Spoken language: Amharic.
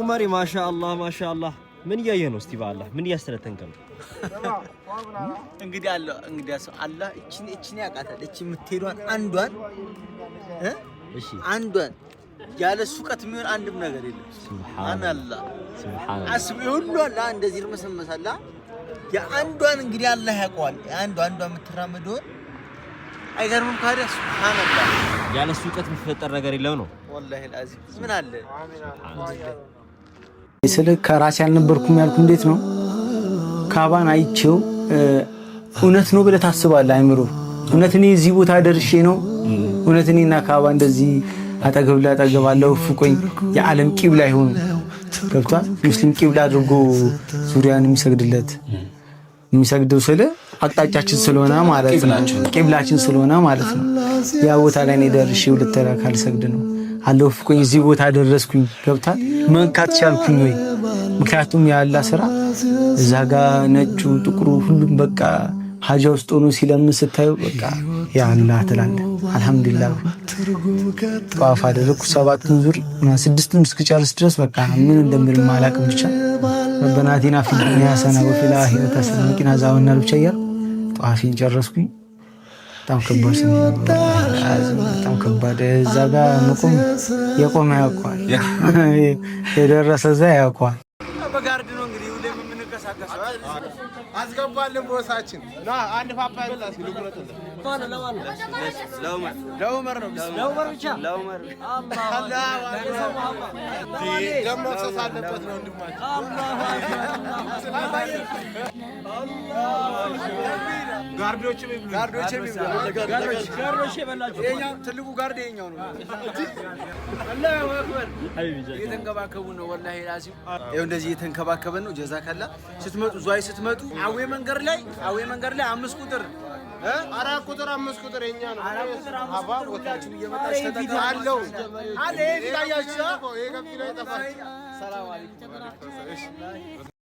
ኡመሪ ማሻአላህ ማሻአላህ ምን እያየ ነው? እስቲ በአላህ ምን እያስተነተንከ ነው? እንግዲህ አለ እንግዲህ ሰው አላህ እቺን እቺን ያውቃታል። እቺ የምትሄዷን አንዷን እሺ አንዷን ያለ ሱቀት የሚሆን አንድም ነገር የለም። ሱብሃንአላህ ሱብሃንአላህ አስብ ሁሉ አላህ እንደዚህ ልመሰመሳላ የአንዷን እንግዲህ አላህ ያውቀዋል። አንዷ አንዷ የምትራመደውን አይገርምም? ካዲያ ሱብሃንአላህ ያለ እሱ እውቀት የሚፈጠር ነገር የለም ነው። ወላሂ አልዓዚም ምን አለ ስለ ከራሴ አልነበርኩም ያልኩ እንዴት ነው ካባን አይቼው እውነት ነው ብለህ ታስባለህ? አይምሮ እውነት እኔ እዚህ ቦታ ደርሼ ነው እውነት እኔና ካባ እንደዚህ አጠገብ ላጠገብ አለው ፍቆኝ የዓለም ቂብላ ይሆኑ ገብቷል። ሙስሊም ቂብላ አድርጎ ዙሪያን የሚሰግድለት የሚሰግደው ስለ አቅጣጫችን ስለሆነ ማለት ነው፣ ቂብላችን ስለሆነ ማለት ነው። ያ ቦታ ላይ ነው ደርሼ ሁለት ረካዓ ልሰግድ ነው አለፍኩኝ። እዚህ ቦታ ደረስኩኝ። ገብታል መንካት ቻልኩኝ ወይ? ምክንያቱም ያላ ስራ እዛ ጋ ነጩ፣ ጥቁሩ ሁሉም በቃ ሀጃ ውስጥ ሆኖ ሲለምን ስታዩ በቃ ያላ ትላለ። አልሐምዱላ ጠዋፍ አደረግኩ ሰባቱን ዙር ስድስቱን እስክጨርስ ድረስ በቃ ምን እንደምል ማላቅ ብቻ በናቴና ፊዱንያ ሐሰና ወፊል አኺረቲ ሐሰና ወቂና አዛበናር ብቻ እያል ጠዋፊን ጨረስኩኝ። በጣም ከባድ በጣም ከባድ። እዛ ጋ መቆም የቆመ ያውቀዋል፣ የደረሰ እዛ ያውቀዋል። በጋርድ ነው እንግዲህ ሁሌ አስገባልን ቦሳችን አንድ ፓፓያ ነው ብቻ ትልቁ ጋርድ የኛው ነው። አላሁ እየተንከባከቡ ነው። ወላሂ ላዚ እንደዚህ እየተንከባከበ ነው። ጀዛ ካላ ስትመጡ ዟይ ስትመጡ አዌ መንገድ ላይ አዌ መንገድ ላይ አምስት ቁጥር አራት ቁጥር አምስት ቁጥር የኛ ነው። አራት ቁጥር አምስት ቁጥር